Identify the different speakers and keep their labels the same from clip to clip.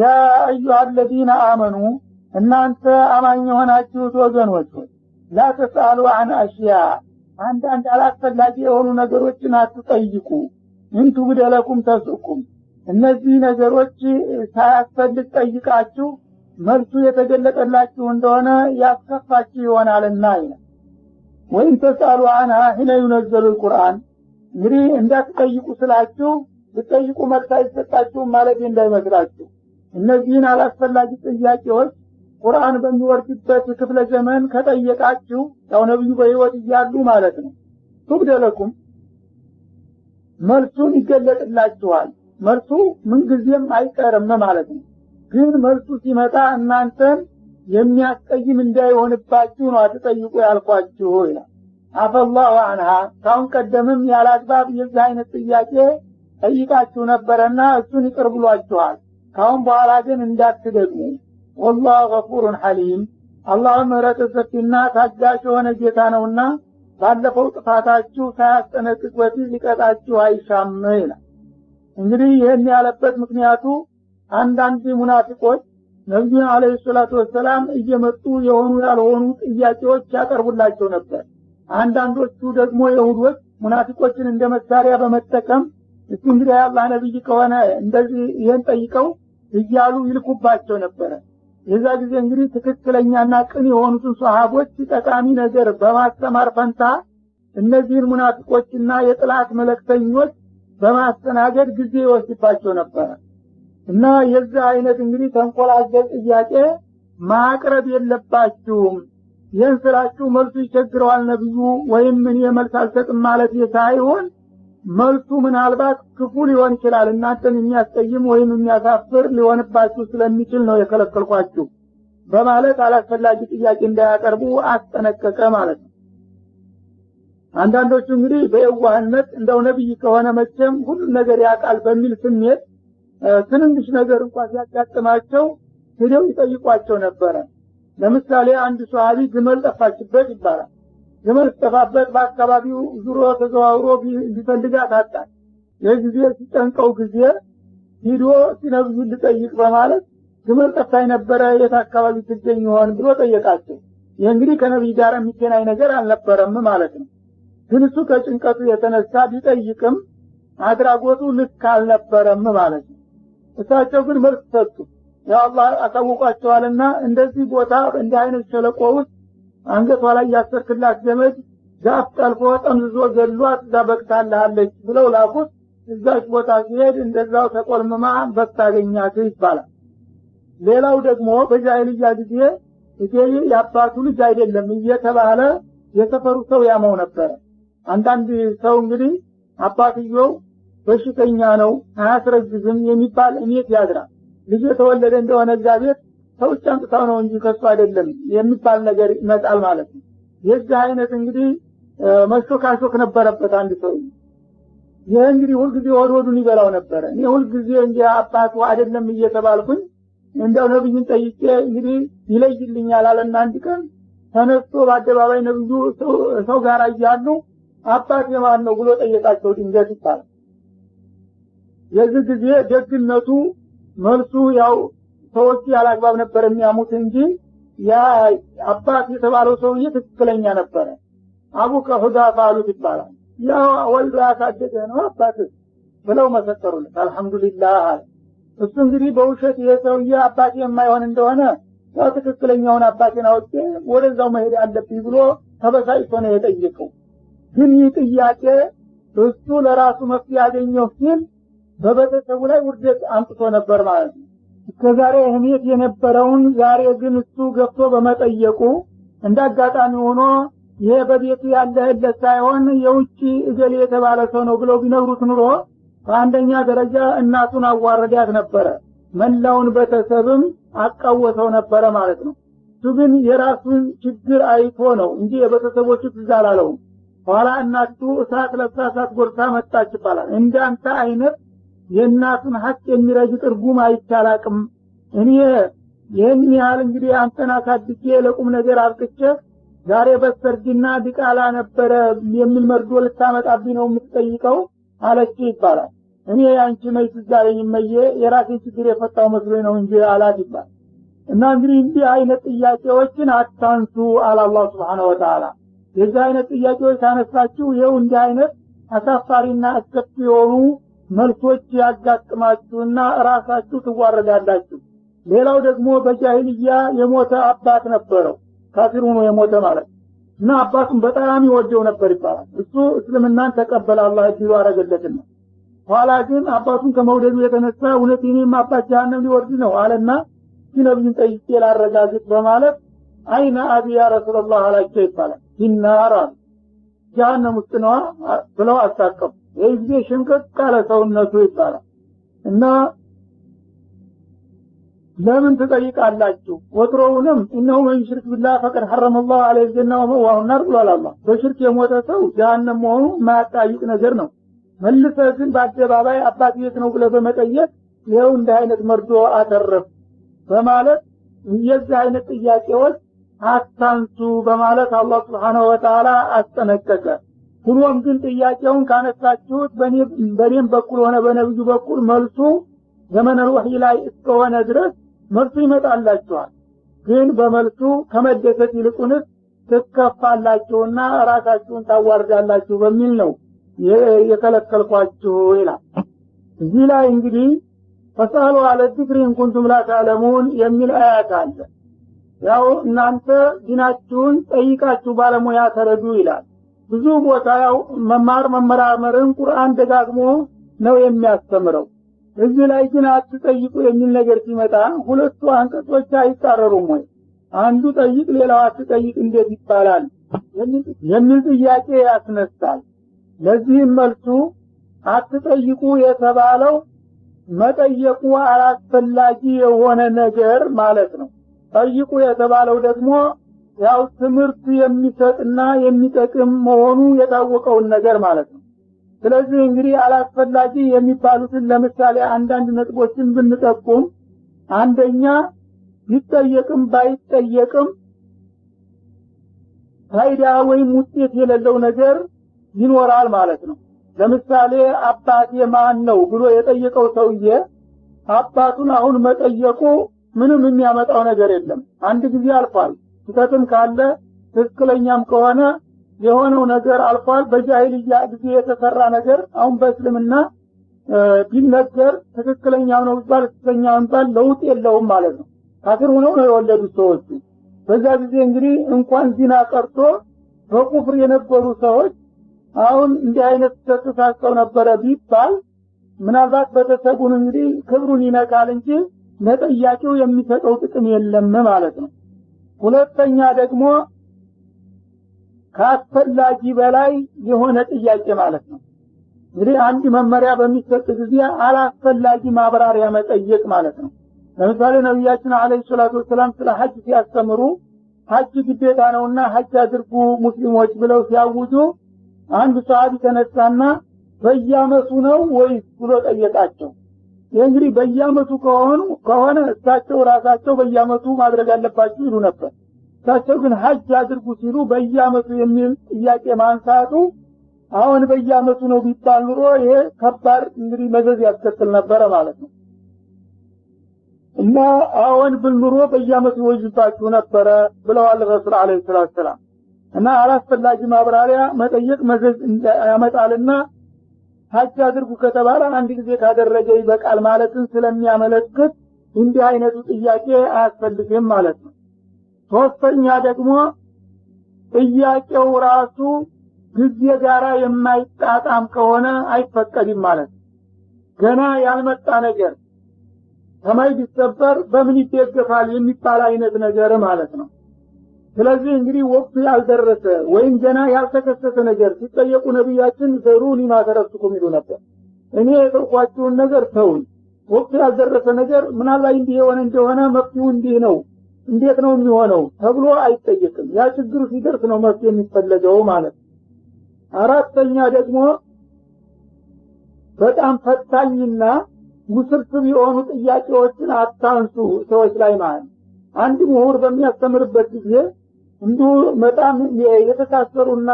Speaker 1: ያ አዩሃ አለዚነ አመኑ እናንተ አማኝ የሆናችሁት ወገኖች ሆይ ላተስአሉ አን አሽያ አንዳንድ አላስፈላጊ የሆኑ ነገሮችን አትጠይቁ እንቱ ብደለኩም ተስኩም እነዚህ ነገሮች ሳያስፈልግ ጠይቃችሁ መልሱ የተገለጠላችሁ እንደሆነ ያስከፋችሁ ይሆናልና ይላል ወይም ተስአሉ አንሃ ሂነ ዩነዘሉ ቁርአን እንግዲህ እንዳትጠይቁ ስላችሁ ብትጠይቁ መልስ አይሰጣችሁም ማለት እንዳይመስላችሁ እነዚህን አላስፈላጊ ጥያቄዎች ቁርአን በሚወርድበት ክፍለ ዘመን ከጠየቃችሁ ያው ነቢዩ በህይወት እያሉ ማለት ነው ቱብደለኩም መልሱን ይገለጥላችኋል መልሱ ምንጊዜም አይቀርም ማለት ነው ግን መልሱ ሲመጣ እናንተን የሚያስቀይም እንዳይሆንባችሁ ነው አትጠይቁ ያልኳችሁ ይላል አፈላሁ አንሃ ካሁን ቀደምም ያለ አግባብ የዚህ አይነት ጥያቄ ጠይቃችሁ ነበረና እሱን ይቅር ብሏችኋል ካሁን በኋላ ግን እንዳትደግሙ። ወላህ ገፉሩን ሐሊም አላህ ምሕረት ሰፊና ታጋሽ የሆነ ጌታ ነውና ባለፈው ጥፋታችሁ ሳያስጠነቅቅ በፊት ሊቀጣችሁ አይሻም ይላል። እንግዲህ ይህን ያለበት ምክንያቱ አንዳንድ ሙናፊቆች ነቢዩን አለህ ሰላቱ ወሰላም እየመጡ የሆኑ ያልሆኑ ጥያቄዎች ያቀርቡላቸው ነበር። አንዳንዶቹ ደግሞ የሁዶች ሙናፊቆችን እንደ መሳሪያ በመጠቀም እሱ እንግዲህ የአላህ ነቢይ ከሆነ እንደዚህ ይህን ጠይቀው እያሉ ይልኩባቸው ነበረ የዛ ጊዜ እንግዲህ ትክክለኛና ቅን የሆኑትን ሰሃቦች ጠቃሚ ነገር በማስተማር ፈንታ እነዚህን ሙናፊቆችና የጥላት መለክተኞች በማስተናገድ ጊዜ ይወስድባቸው ነበረ እና የዚህ አይነት እንግዲህ ተንኮላገል ጥያቄ ማቅረብ የለባችሁም ይህን ስላችሁ መልሱ ይቸግረዋል ነብዩ ወይም እኔ መልስ አልሰጥም ማለት ሳይሆን መልሱ ምናልባት ክፉ ሊሆን ይችላል። እናንተን የሚያስጠይም ወይም የሚያሳፍር ሊሆንባችሁ ስለሚችል ነው የከለከልኳችሁ በማለት አላስፈላጊ ጥያቄ እንዳያቀርቡ አስጠነቀቀ ማለት ነው። አንዳንዶቹ እንግዲህ በየዋህነት እንደው ነቢይ ከሆነ መቼም ሁሉም ነገር ያውቃል በሚል ስሜት ትንንሽ ነገር እንኳ ሲያጋጥማቸው ሂደው ይጠይቋቸው ነበረ። ለምሳሌ አንድ ሰሃቢ ግመል ጠፋችበት ይባላል። የመጠፋበት በአካባቢው ዙሮ ተዘዋውሮ ቢፈልጋት ታጣል። የጊዜ ሲጠንቀው ጊዜ ሂዶ ሲነብዩ ልጠይቅ በማለት ግመል ጠፋ ነበረ፣ የት አካባቢ ትገኝ ይሆን ብሎ ጠየቃቸው። ይህ እንግዲህ ከነቢይ ጋር የሚገናኝ ነገር አልነበረም ማለት ነው። ግን እሱ ከጭንቀቱ የተነሳ ቢጠይቅም አድራጎቱ ልክ አልነበረም ማለት ነው። እሳቸው ግን መልስ ሰጡ። የአላህ አሳውቋቸዋልና እንደዚህ ቦታ እንዲህ አይነት ሸለቆ ውስጥ አንገቷ ላይ ያሰርክላት ገመድ ዛፍ ጠልፎ ጠምዝዞ ገሏት እዛ በቅታልሃለች ብለው ላኩት። እዛች ቦታ ሲሄድ እንደዛው ተቆልምማ በታገኛት ይባላል። ሌላው ደግሞ በጃይልያ ጊዜ እቴይ የአባቱ ልጅ አይደለም እየተባለ የሰፈሩ ሰው ያመው ነበረ። አንዳንድ ሰው እንግዲህ አባትየው በሽተኛ ነው አያስረግዝም የሚባል እኔት ያድራል። ልጅ የተወለደ እንደሆነ እግዚአብሔር ሰዎች አንጥታው ነው እንጂ ከሱ አይደለም የሚባል ነገር ይመጣል ማለት ነው። የዚህ አይነት እንግዲህ መሾካሾክ ነበረበት አንድ ሰው። ይህ እንግዲህ ሁልጊዜ ወድ ወዱን ይበላው ነበረ። እኔ ሁልጊዜ እንዲ አባቱ አይደለም እየተባልኩኝ እንዲያው ነብዩን ጠይቄ እንግዲህ ይለይልኛል አለና አንድ ቀን ተነስቶ በአደባባይ ነብዩ ሰው ጋር እያሉ አባት የማን ነው ብሎ ጠየቃቸው ድንገት ይባላል። የዚህ ጊዜ ደግነቱ መልሱ ያው ሰዎቹ ያላግባብ ነበር የሚያሙት እንጂ ያ አባት የተባለው ሰውዬ ትክክለኛ ነበረ። አቡ ከሁዳ አሉት ይባላል። ያ ወልዶ ያሳደገ ነው አባት ብለው መሰከሩለት። አልሐምዱሊላህ አለ። እሱ እንግዲህ በውሸት የሰውዬ አባቴ የማይሆን እንደሆነ ያው ትክክለኛውን አባቴን አውቄ ወደዛው መሄድ አለብኝ ብሎ ተበሳጭቶ ነው የጠየቀው። ግን ይህ ጥያቄ እሱ ለራሱ መፍትሄ ያገኘው ሲል በቤተሰቡ ላይ ውርደት አምጥቶ ነበር ማለት ነው። እስከዛሬ እህሜት የነበረውን ዛሬ ግን እሱ ገብቶ በመጠየቁ እንደ አጋጣሚ ሆኖ ይሄ በቤቱ ያለህለት ሳይሆን የውጭ እገሌ የተባለ ሰው ነው ብለው ቢነግሩት ኑሮ በአንደኛ ደረጃ እናቱን አዋረዳት ነበረ፣ መላውን ቤተሰብም አቃወሰው ነበረ ማለት ነው። እሱ ግን የራሱን ችግር አይቶ ነው እንጂ የበተሰቦቹ ትዛላለውም ኋላ እናቱ እሳት ለብሳ እሳት ጎርሳ መጣች ይባላል። እንዳንተ አይነት የእናቱን ሀቅ የሚረጅ ጥርጉም አይቻላቅም እኔ ይህን ያህል እንግዲህ አንተን አሳድጌ ለቁም ነገር አብቅቼ ዛሬ በሰርግና ዲቃላ ነበረ የሚል መርዶ ልታመጣብኝ ነው የምትጠይቀው አለች ይባላል እኔ የአንቺ መይት ዛለኝ መየ የራሴን ችግር የፈታው መስሎኝ ነው እንጂ አላት ይባል እና እንግዲህ እንዲህ አይነት ጥያቄዎችን አታንሱ አለ አላህ ስብሓን ወተላ የዚህ አይነት ጥያቄዎች ታነሳችሁ ይኸው እንዲህ አይነት አሳፋሪና አስከፊ የሆኑ መልኮች ያጋጥማችሁና ራሳችሁ ትዋረዳላችሁ። ሌላው ደግሞ በጃሂልያ የሞተ አባት ነበረው ካፊር ሆኖ የሞተ ማለት እና አባቱን በጣም ይወደው ነበር ይባላል። እሱ እስልምናን ተቀበለ አላህ ቢሉ አረገለትና ኋላ ግን አባቱን ከመውደዱ የተነሳ እውነት እኔም አባት ጃሃንም ሊወርድ ነው አለና ሲነብዩን ጠይቄ ላረጋግጥ በማለት አይነ አቢ ያ ረሱላላህ አላቸው ይባላል። ይናራ ጃሃንም ውስጥ ነዋ ብለው አሳቀሙ። ይህ ጊዜ ሽንቅቅ ካለ ሰውነቱ ይባላል እና ለምን ትጠይቃላችሁ? ወትሮውንም እነሁ መን ሽርክ ቢላህ ፈቀድ ሐረመ ላሁ ዐለይሂ ጀና ወመእዋሁ ናር ብሏል አላ። በሽርክ የሞተ ሰው ጀሀነም መሆኑ የማያጠያይቅ ነገር ነው። መልሰ ግን በአደባባይ አባት ቤት ነው ብለህ በመጠየቅ ይኸው እንዲህ አይነት መርዶ አተረፍ በማለት የዚህ አይነት ጥያቄዎች አታንሱ በማለት አላህ ስብሓነሁ ወተዓላ አስጠነቀቀ። ሁኖም ግን ጥያቄውን ካነሳችሁት በኔም በኩል ሆነ በነብዩ በኩል መልሱ ዘመነ ሩሒ ላይ እስከሆነ ድረስ መልሱ ይመጣላችኋል። ግን በመልሱ ከመደሰት ይልቁንስ ትከፋላችሁና ራሳችሁን ታዋርዳላችሁ በሚል ነው የከለከልኳችሁ ይላል። እዚህ ላይ እንግዲህ ፈሳሉ አለ ዚክሪ እንኩንቱም ላታለሙን የሚል አያት አለ። ያው እናንተ ዲናችሁን ጠይቃችሁ ባለሙያ ተረዱ ይላል። ብዙ ቦታ ያው መማር መመራመርን ቁርአን ደጋግሞ ነው የሚያስተምረው። እዚህ ላይ ግን አትጠይቁ የሚል ነገር ሲመጣ ሁለቱ አንቀጾች አይጻረሩም ወይ? አንዱ ጠይቅ ሌላው አትጠይቅ እንዴት ይባላል የሚል ጥያቄ ያስነሳል። ለዚህም መልሱ አትጠይቁ የተባለው መጠየቁ አላስፈላጊ የሆነ ነገር ማለት ነው። ጠይቁ የተባለው ደግሞ ያው ትምህርት የሚሰጥና የሚጠቅም መሆኑ የታወቀውን ነገር ማለት ነው። ስለዚህ እንግዲህ አላስፈላጊ የሚባሉትን ለምሳሌ አንዳንድ ነጥቦችን ብንጠቁም፣ አንደኛ ቢጠየቅም ባይጠየቅም ፋይዳ ወይም ውጤት የሌለው ነገር ይኖራል ማለት ነው። ለምሳሌ አባቴ ማን ነው ብሎ የጠየቀው ሰውዬ አባቱን አሁን መጠየቁ ምንም የሚያመጣው ነገር የለም። አንድ ጊዜ አልፏል። ስተትም ካለ ትክክለኛም ከሆነ የሆነው ነገር አልፏል። በጃይልያ ጊዜ የተሰራ ነገር አሁን በእስልምና ቢነገር ትክክለኛው ነው ይባል ትክክለኛው ይባል ለውጥ የለውም ማለት ነው። ካፊር ሆነው ነው የወለዱት ሰዎቹ። በዛ ጊዜ እንግዲህ እንኳን ዚና ቀርቶ በቁፍር የነበሩ ሰዎች አሁን እንዲህ አይነት ተተሳሰው ነበረ ቢባል ምናልባት በተሰቡን እንግዲህ ክብሩን ይነካል እንጂ ለጠያቂው የሚሰጠው ጥቅም የለም ማለት ነው። ሁለተኛ ደግሞ ከአስፈላጊ በላይ የሆነ ጥያቄ ማለት ነው። እንግዲህ አንድ መመሪያ በሚሰጥ ጊዜ አላስፈላጊ ማብራሪያ መጠየቅ ማለት ነው። ለምሳሌ ነቢያችን አለ ሰላቱ ወሰላም ስለ ሀጅ ሲያስተምሩ ሀጅ ግዴታ ነውና ሀጅ አድርጉ ሙስሊሞች ብለው ሲያውጁ አንድ ሰዓቢ ተነሳና በያመቱ ነው ወይስ ብሎ ጠየቃቸው። ይህ እንግዲህ በየአመቱ ከሆኑ ከሆነ እሳቸው ራሳቸው በየአመቱ ማድረግ አለባችሁ ይሉ ነበር። እሳቸው ግን ሀጅ አድርጉ ሲሉ በየአመቱ የሚል ጥያቄ ማንሳቱ አሁን በየአመቱ ነው ቢባል ኑሮ ይሄ ከባድ እንግዲህ መዘዝ ያስከትል ነበረ ማለት ነው። እና አሁን ብል ኑሮ በየአመቱ ይወጅባችሁ ነበረ ብለዋል ረሱል ስላት ሰላም። እና አላስፈላጊ ማብራሪያ መጠየቅ መዘዝ ያመጣልና ታች አድርጉ ከተባለ አንድ ጊዜ ካደረገ ይበቃል ማለትን ስለሚያመለክት እንዲህ አይነቱ ጥያቄ አያስፈልግም ማለት ነው። ሶስተኛ ደግሞ ጥያቄው ራሱ ጊዜ ጋራ የማይጣጣም ከሆነ አይፈቀድም ማለት ነው። ገና ያልመጣ ነገር ሰማይ ቢሰበር በምን ይደገፋል የሚባል አይነት ነገር ማለት ነው። ስለዚህ እንግዲህ ወቅቱ ያልደረሰ ወይም ገና ያልተከሰተ ነገር ሲጠየቁ ነቢያችን ዘሩኒ ማ ይሉ ነበር። እኔ የተውኳችሁን ነገር ተውኝ። ወቅቱ ያልደረሰ ነገር ምናልባት እንዲህ የሆነ እንደሆነ መፍትሄው እንዲህ ነው፣ እንዴት ነው የሚሆነው ተብሎ አይጠየቅም። ያ ችግሩ ሲደርስ ነው መፍት የሚፈለገው ማለት ነው። አራተኛ ደግሞ በጣም ፈታኝና ውስብስብ የሆኑ ጥያቄዎችን አታንሱ ሰዎች ላይ ማለት አንድ ምሁር በሚያስተምርበት ጊዜ እንዱ በጣም የተሳሰሩና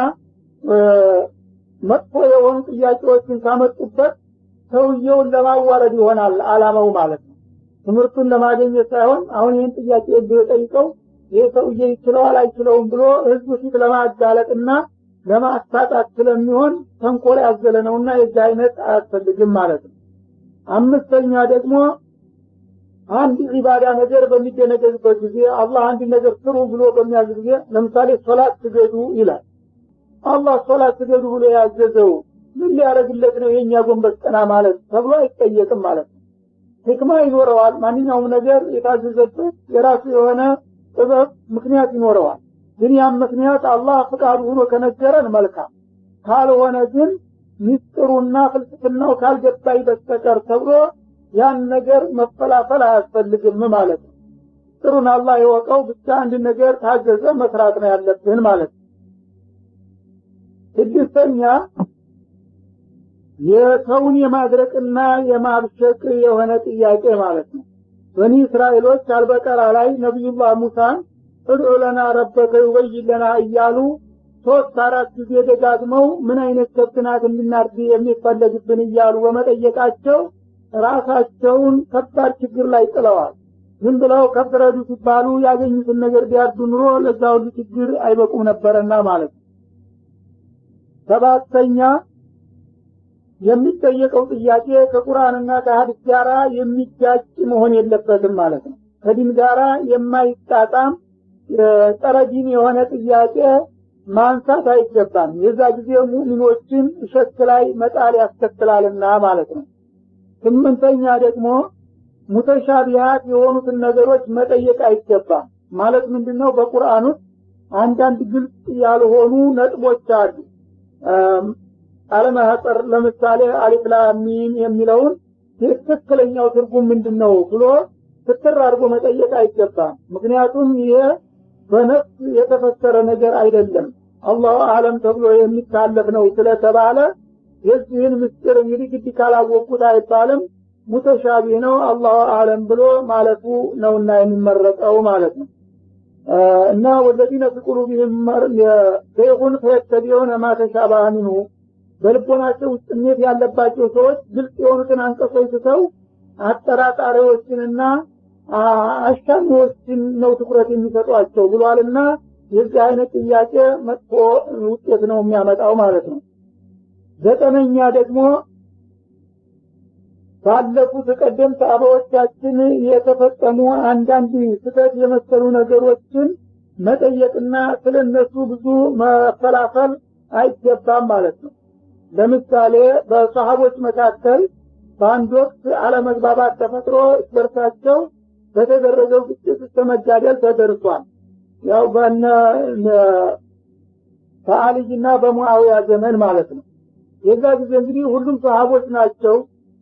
Speaker 1: መጥፎ የሆኑ ጥያቄዎችን ካመጡበት ሰውየውን ለማዋረድ ይሆናል አላማው ማለት ነው። ትምህርቱን ለማገኘት ሳይሆን አሁን ይህን ጥያቄ ብሎ ጠይቀው ይህ ሰውዬ ይችለዋል አይችለውም ብሎ ህዝቡ ፊት ለማጋለጥና ለማስታጣት ስለሚሆን ተንኮል ያዘለ ነውና የዚ አይነት አያስፈልግም ማለት ነው። አምስተኛ ደግሞ አንድ ዒባዳ ነገር በሚደነገዝበት ጊዜ አላህ አንድ ነገር ስሩ ብሎ በሚያዝ ጊዜ ለምሳሌ ሶላት ስገዱ ይላል። አላህ ሶላት ስገዱ ብሎ ያዘዘው ምን ሊያደረግለት ነው የእኛ ጎንበስ ቀና ማለት ተብሎ አይጠየቅም ማለት ነው። ህክማ ይኖረዋል። ማንኛውም ነገር የታዘዘበት የራሱ የሆነ ጥበብ ምክንያት ይኖረዋል። ግን ያም ምክንያት አላህ ፍቃዱ ሆኖ ከነገረን መልካም፣ ካልሆነ ግን ሚስጥሩና ፍልስፍናው ካልገባይ በስተቀር ተብሎ ያን ነገር መፈላፈል አያስፈልግም ማለት ነው። ጥሩን አላ የወቀው ብቻ አንድ ነገር ታገዘ መስራት ነው ያለብን ማለት ነው። ስድስተኛ የሰውን የማድረቅና የማብሸቅ የሆነ ጥያቄ ማለት ነው። በኒ እስራኤሎች አልበቀራ ላይ ነቢዩላህ ሙሳን እድዑ ለና ረበከ ይበይን ለና እያሉ ሶስት አራት ጊዜ ደጋግመው ምን አይነት ከብትናት እንድናርድ የሚፈለግብን እያሉ በመጠየቃቸው ራሳቸውን ከባድ ችግር ላይ ጥለዋል። ዝም ብለው ከፍረዱ ሲባሉ ያገኙትን ነገር ቢያዱ ኑሮ ለዛ ሁሉ ችግር አይበቁም ነበረና ማለት ነው። ሰባተኛ የሚጠየቀው ጥያቄ ከቁርአንና ከሀዲስ ጋራ የሚጋጭ መሆን የለበትም ማለት ነው። ከዲን ጋራ የማይጣጣም ጠረዲን የሆነ ጥያቄ ማንሳት አይገባም። የዛ ጊዜ ሙእሚኖችን እሸክ ላይ መጣል ያስከትላልና ማለት ነው። ስምንተኛ ደግሞ ሙተሻቢሃት የሆኑትን ነገሮች መጠየቅ አይገባም ማለት ምንድን ነው በቁርአን ውስጥ አንዳንድ ግልጽ ያልሆኑ ነጥቦች አሉ አለመሀጠር ለምሳሌ አሊፍላሚም የሚለውን ትክክለኛው ትርጉም ምንድን ነው ብሎ ስትር አድርጎ መጠየቅ አይገባም ምክንያቱም ይሄ በነፍስ የተፈሰረ ነገር አይደለም አላሁ አለም ተብሎ የሚታለፍ ነው ስለተባለ የዚህን ምስጢር እንግዲህ ግድ ካላወቁት አይባልም ሙተሻቢህ ነው አላሁ አለም ብሎ ማለቱ ነውና የሚመረጠው ማለት ነው እና ወለዚነ ፊ ቁሉቢህም ፈየተቢዑነ በልቦናቸው ስሜት ያለባቸው ሰዎች ግልጽ የሆኑትን አንቀጾች ትተው አጠራጣሪዎችንና አሻሚዎችን ነው ትኩረት የሚሰጧቸው ብሏልና የዚህ አይነት ጥያቄ መጥፎ ውጤት ነው የሚያመጣው ማለት ነው ዘጠነኛ ደግሞ ባለፉት ቀደምት አባዎቻችን የተፈጸሙ አንዳንድ ስህተት የመሰሉ ነገሮችን መጠየቅና ስለ እነሱ ብዙ መፈላፈል አይገባም ማለት ነው። ለምሳሌ በሰሃቦች መካከል በአንድ ወቅት አለመግባባት ተፈጥሮ በርሳቸው በተደረገው ግጭት እስከ መጋደል ተደርሷል። ያው በነ በአልይና በሙአውያ ዘመን ማለት ነው። የዛ ጊዜ እንግዲህ ሁሉም ሰሃቦች ናቸው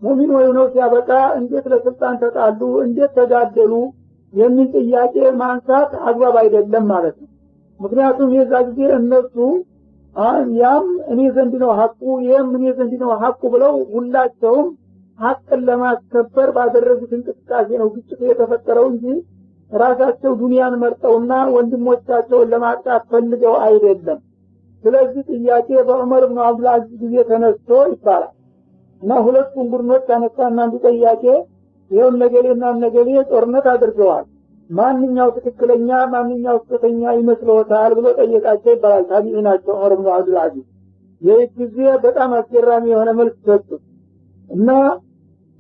Speaker 1: ሙሚን ሆነው ሲያበቃ እንዴት ለስልጣን ተጣሉ፣ እንዴት ተጋደሉ የሚል ጥያቄ ማንሳት አግባብ አይደለም ማለት ነው። ምክንያቱም የዛ ጊዜ እነሱ ያም እኔ ዘንድ ነው ሀቁ፣ ይህም እኔ ዘንድ ነው ሀቁ ብለው ሁላቸውም ሀቅን ለማስከበር ባደረጉት እንቅስቃሴ ነው ግጭቱ የተፈጠረው እንጂ ራሳቸው ዱንያን መርጠውና ወንድሞቻቸውን ለማጣት ፈልገው አይደለም። ስለዚህ ጥያቄ በዑመር ብኑ አብዱልአዚዝ ጊዜ ተነስቶ ይባላል እና ሁለቱን ቡድኖች አነሳና አንዱ ጥያቄ ይኸውን ነገሌና ነገሌ ጦርነት አድርገዋል ማንኛው ትክክለኛ ማንኛው ስህተተኛ ይመስለታል ብሎ ጠየቃቸው ይባላል ታቢዒ ናቸው ዑመር ብኑ አብዱልአዚዝ ይህ ጊዜ በጣም አስገራሚ የሆነ መልስ ሰጡ እና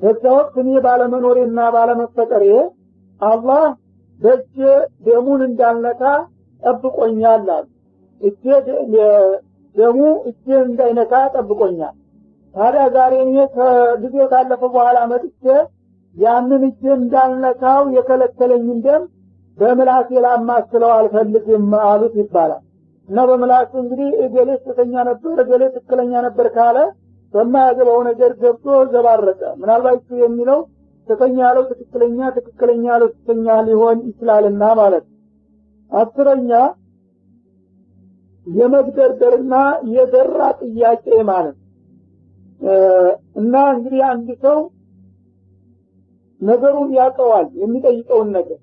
Speaker 1: በዛ ወቅት እኔ ባለመኖሬና ባለመፈጠሬ አላህ በእጅ ደሙን እንዳልነካ ጠብቆኛል አሉ እጄ ደሙ እጄ እንዳይነካ ጠብቆኛል። ታዲያ ዛሬ እኔ ከጊዜ ካለፈ በኋላ መጥቼ ያንን እጄ እንዳልነካው የከለከለኝን ደም በምላሴ ላማስለው አልፈልግም አሉት ይባላል። እና በምላሱ እንግዲህ እገሌ ስተኛ ነበር፣ እገሌ ትክክለኛ ነበር ካለ በማያገባው ነገር ገብቶ ዘባረቀ። ምናልባት የሚለው ስተኛ ያለው ትክክለኛ፣ ትክክለኛ ያለው ስተኛ ሊሆን ይችላልና ማለት ነው። አስረኛ የመግደርደርና የደራ ጥያቄ ማለት እና እንግዲህ አንድ ሰው ነገሩን ያውቀዋል የሚጠይቀውን ነገር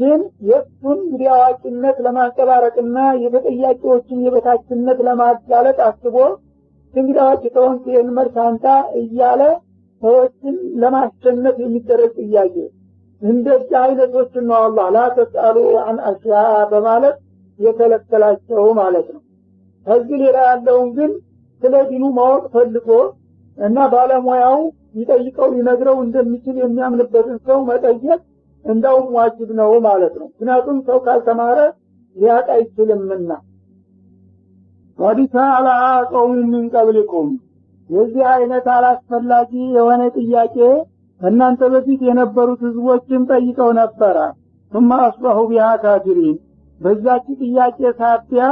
Speaker 1: ግን የእሱን እንግዲህ አዋቂነት ለማንጸባረቅና የተጠያቂዎችን የበታችነት ለማጋለጥ አስቦ እንግዲህ አዋቂ ከሆንክ ይህን መርሳንታ እያለ ሰዎችን ለማሸነፍ የሚደረግ ጥያቄ እንደዚህ አይነቶችን ነው አላህ ላተስአሉ አን አሽያ በማለት የከለከላቸው ማለት ነው። ከዚህ ሌላ ያለውን ግን ስለ ዲኑ ማወቅ ፈልጎ እና ባለሙያው ሊጠይቀው ሊነግረው እንደሚችል የሚያምንበትን ሰው መጠየቅ እንዳውም ዋጅብ ነው ማለት ነው። ምክንያቱም ሰው ካልተማረ ሊያውቅ አይችልምና።
Speaker 2: አላ ቀውሚ ምን ቀብሊኩም የዚህ አይነት አላስፈላጊ የሆነ ጥያቄ እናንተ በፊት የነበሩት ህዝቦችን ጠይቀው ነበረ ثم أصبحوا بها كافرين በዛች ጥያቄ ሳቢያ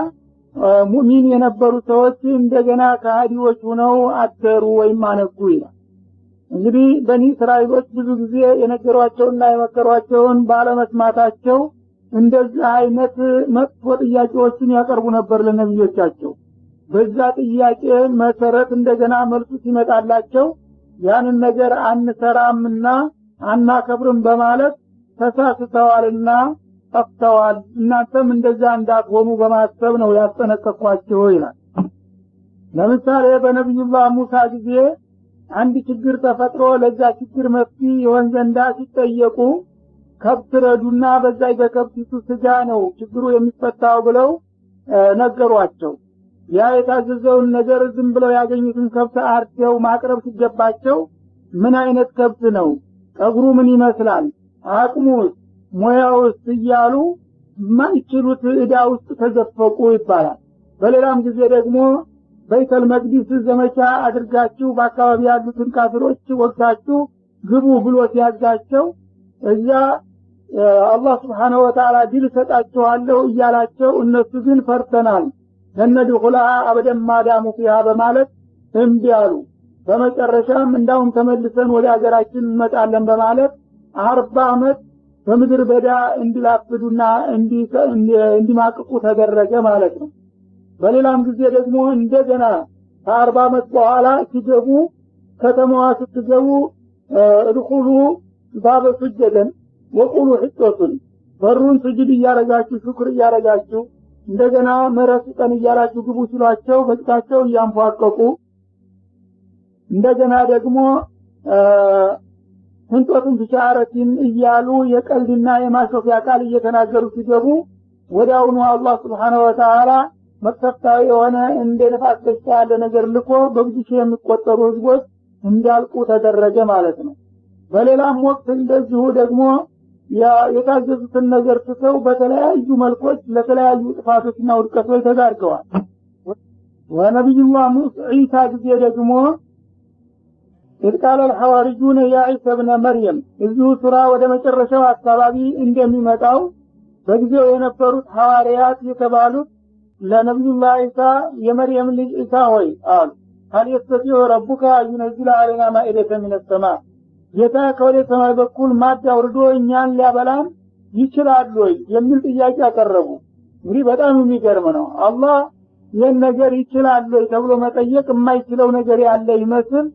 Speaker 2: ሙሚን የነበሩ ሰዎች እንደገና ከሃዲዎች ሁነው አደሩ ወይም አነጉ ይላል እንግዲህ በኒ እስራኤሎች ብዙ ጊዜ የነገሯቸውና የመከሯቸውን ባለመስማታቸው እንደዚህ አይነት መጥፎ ጥያቄዎችን ያቀርቡ ነበር ለነቢዮቻቸው በዛ ጥያቄ መሰረት እንደገና መልሱ ሲመጣላቸው ያንን ነገር አንሰራምና አናከብርም በማለት ተሳስተዋልና ጠፍተዋል እናንተም እንደዛ እንዳትሆኑ በማሰብ ነው ያስጠነቀኳቸው ይላል ለምሳሌ በነቢዩላህ ሙሳ ጊዜ አንድ ችግር ተፈጥሮ ለዛ ችግር መፍትሄ የሆን ዘንዳ ሲጠየቁ ከብት ረዱና በዛ በከብቲቱ ስጋ ነው ችግሩ የሚፈታው ብለው ነገሯቸው ያ የታዘዘውን ነገር ዝም ብለው ያገኙትን ከብት አርደው ማቅረብ ሲገባቸው ምን አይነት ከብት ነው ጠጉሩ ምን ይመስላል አቅሙስ ሙያ ውስጥ እያሉ የማይችሉት ዕዳ ውስጥ ተዘፈቁ ይባላል። በሌላም ጊዜ ደግሞ በይተል መቅዲስ ዘመቻ አድርጋችሁ በአካባቢ ያሉትን ካፊሮች ወቅታችሁ ግቡ ብሎ ሲያዛቸው እዛ አላህ ስብሓነ ወተዓላ ድል እሰጣችኋለሁ እያላቸው እነሱ ግን ፈርተናል ለነድኹላሃ አበደን ማዳሙ ፊሃ በማለት እምቢ አሉ። በመጨረሻም እንዳውም ተመልሰን ወደ አገራችን እንመጣለን በማለት አርባ አመት በምድር በዳ እንዲላብዱና እንዲማቅቁ ተደረገ ማለት ነው። በሌላም ጊዜ ደግሞ እንደገና ከአርባ ዓመት በኋላ ሲገቡ ከተማዋ ስትገቡ እድኩሉ ባበ ሱጀደን ወቁሉ ሕጦቱን በሩን ስጅድ እያረጋችሁ ሹክር እያረጋችሁ እንደገና ምሕረት ስጠን እያላችሁ ግቡ ሲሏቸው በቂታቸው እያንፏቀቁ እንደገና ደግሞ ምንጦቅም ብሻረትን እያሉ የቀልድና የማሾፊያ ቃል እየተናገሩ ሲገቡ ወዲያውኑ አላህ ስብሓነ ወተዓላ መቅሰፍታዊ የሆነ እንደ ነፋስ በሽታ ያለ ነገር ልኮ በብዙ ሺህ የሚቆጠሩ ህዝቦች እንዳልቁ ተደረገ ማለት ነው። በሌላም ወቅት እንደዚሁ ደግሞ የታዘዙትን ነገር ትተው በተለያዩ መልኮች ለተለያዩ ጥፋቶችና ውድቀቶች ተዳርገዋል። ወነቢዩላህ ሙሳ ዒሳ ጊዜ ደግሞ إذ قال الحواريون يا عيسى ابن መርየም እዚሁ ሱራ ወደ መጨረሻው አካባቢ እንደሚመጣው በጊዜው የነበሩት ሐዋርያት የተባሉት ለነቢዩላህ ዒሳ የመርየም ልጅ ዒሳ ሆይ አሉ ሀል የስተጢዑ ረቡከ አዩነዚለ አለና ማኢደተ ሚነ ሰማ ጌታ ከወደ ሰማይ በኩል ማዳ አውርዶ እኛን ሊያበላን ይችላል ወይ የሚል ጥያቄ አቀረቡ እንግዲህ በጣም የሚገርም ነው አላህ ይህን ነገር ይችላል ወይ ተብሎ መጠየቅ የማይችለው ነገር ያለ ይመስል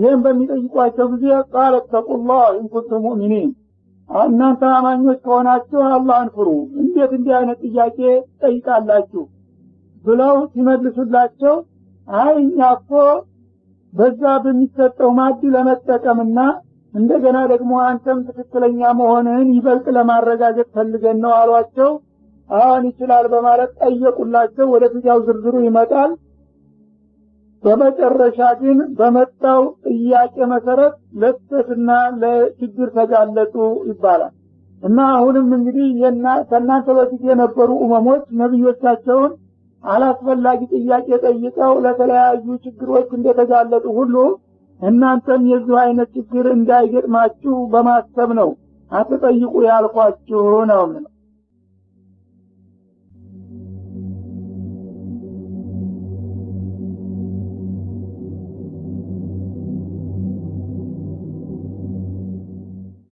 Speaker 2: ይህም በሚጠይቋቸው ጊዜ ቃለ ተቁላህ ኢንኩንቱም ሙእሚኒን እናንተ አማኞች ከሆናችሁ አላህን ፍሩ፣ እንዴት እንዲህ አይነት ጥያቄ ጠይቃላችሁ ብለው ሲመልሱላቸው አይ እኛ እኮ በዛ በሚሰጠው ማዲ ለመጠቀምና እንደገና ደግሞ አንተም ትክክለኛ መሆንህን ይበልጥ ለማረጋገጥ ፈልገን ነው አሏቸው። አሁን ይችላል በማለት ጠየቁላቸው። ወደ ያው ዝርዝሩ ይመጣል። በመጨረሻ ግን በመጣው ጥያቄ መሰረት ለስተትና ለችግር ተጋለጡ ይባላል እና አሁንም እንግዲህ ከእናንተ በፊት የነበሩ እመሞች ነቢዮቻቸውን አላስፈላጊ ጥያቄ ጠይቀው ለተለያዩ ችግሮች እንደተጋለጡ ሁሉ እናንተም የዚሁ አይነት ችግር እንዳይገጥማችሁ በማሰብ ነው አትጠይቁ ያልኳችሁ ነው